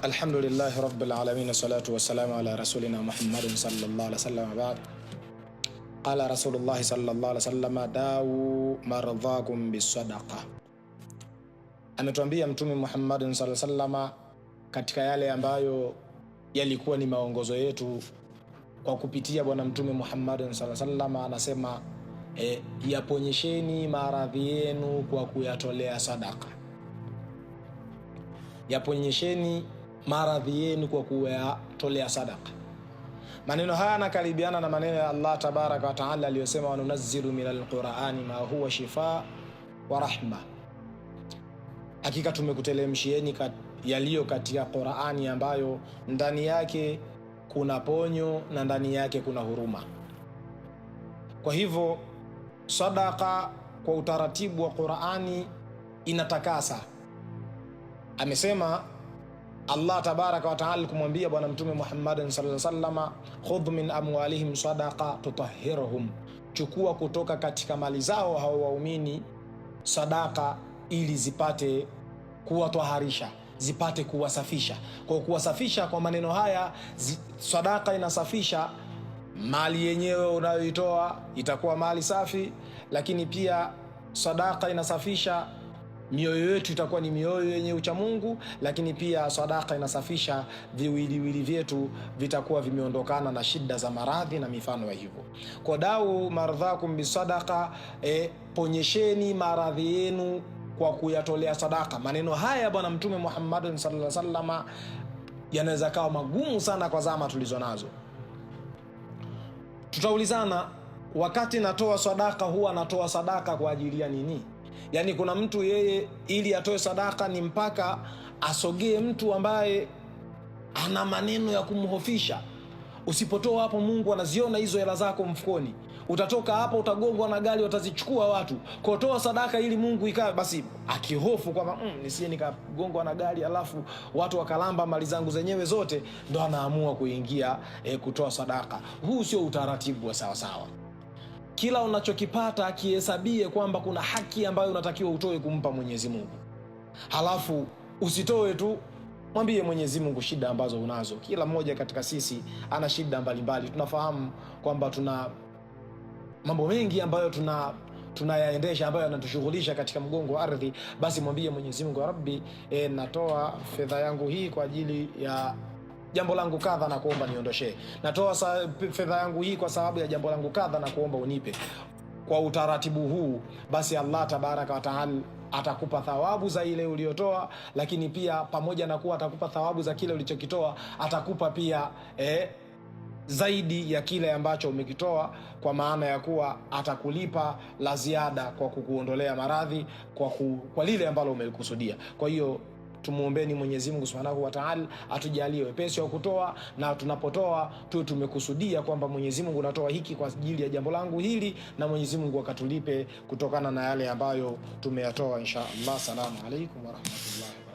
Alhamdulillahi rabbil alamin wassalatu wassalamu ala rasulina Muhammadin sallallahu alaihi wasallam ba'd. Qala rasulullahi sallallahu alaihi wasallam dawu maradhakum bisadaqa, ametuambia Mtume Muhammadin sallallahu alaihi wasallam katika yale ambayo yalikuwa ni maongozo yetu kwa kupitia Bwana Mtume Muhammadin sallallahu alaihi wasallam anasema e, yaponyesheni maradhi yenu kwa kuyatolea sadaka, yaponyesheni maradhi yenu kwa kuwatolea sadaka. Maneno haya yanakaribiana na maneno ya Allah tabaraka wa taala aliyosema, wanunazzilu min alqurani ma huwa shifa wa rahma, hakika tumekutelemshieni kat, yaliyo katika Qurani ambayo ndani yake kuna ponyo na ndani yake kuna huruma. Kwa hivyo sadaka kwa utaratibu wa Qurani inatakasa. Amesema Allah tabaraka wa taala kumwambia Bwana Mtume Muhammadin sallallahu alaihi wasallam, khudh min amwalihim sadaqa tutahhiruhum, chukua kutoka katika mali zao hao waumini sadaka ili zipate kuwatwaharisha zipate kuwasafisha. Kwa kuwasafisha kwa maneno haya zi, sadaka inasafisha mali yenyewe unayoitoa itakuwa mali safi, lakini pia sadaka inasafisha mioyo yetu itakuwa ni mioyo yenye uchamungu, lakini pia sadaka inasafisha viwiliwili vyetu, vitakuwa vimeondokana na shida za maradhi na mifano ya hivyo. Kwa dau mardhakum bisadaka, e, ponyesheni maradhi yenu kwa kuyatolea sadaka. Maneno haya Bwana Mtume Muhammad sallallahu alaihi wasallam yanaweza kawa magumu sana kwa zama tulizo nazo. Tutaulizana, wakati natoa sadaka huwa natoa sadaka kwa ajili ya nini? Yaani kuna mtu yeye ili atoe sadaka ni mpaka asogee mtu ambaye ana maneno ya kumhofisha. Usipotoa hapo, Mungu anaziona hizo hela zako mfukoni. Utatoka hapo, utagongwa na gari, watazichukua watu. Kotoa sadaka ili Mungu ikawe basi akihofu kwamba mm, nisije nikagongwa na gari, alafu watu wakalamba mali zangu zenyewe zote, ndo anaamua kuingia eh, kutoa sadaka. Huu sio utaratibu wa sawasawa kila unachokipata kihesabie kwamba kuna haki ambayo unatakiwa utoe kumpa Mwenyezi Mungu. Halafu usitoe tu, mwambie Mwenyezi Mungu shida ambazo unazo. Kila mmoja katika sisi ana shida mbalimbali. Tunafahamu kwamba tuna mambo mengi ambayo tuna tunayaendesha ambayo yanatushughulisha katika mgongo wa ardhi. Basi mwambie Mwenyezi Mungu, Rabbi, e, natoa fedha yangu hii kwa ajili ya jambo langu kadha na kuomba niondoshee, natoa fedha yangu hii kwa sababu ya jambo langu kadha na kuomba unipe. Kwa utaratibu huu basi Allah tabaraka wataala atakupa thawabu za ile uliotoa, lakini pia pamoja na kuwa atakupa thawabu za kile ulichokitoa atakupa pia eh, zaidi ya kile ambacho umekitoa, kwa maana ya kuwa atakulipa la ziada kwa kukuondolea maradhi kwa, ku, kwa lile ambalo umelikusudia. Kwa hiyo Tumuombeni Mwenyezi Mungu Subhanahu wa Ta'ala atujalie wepesi wa kutoa, na tunapotoa tu tumekusudia kwamba Mwenyezi Mungu natoa hiki kwa ajili ya jambo langu hili, na Mwenyezi Mungu akatulipe kutokana na yale ambayo tumeyatoa, insha Allah. Salamu alaykum wa rahmatullahi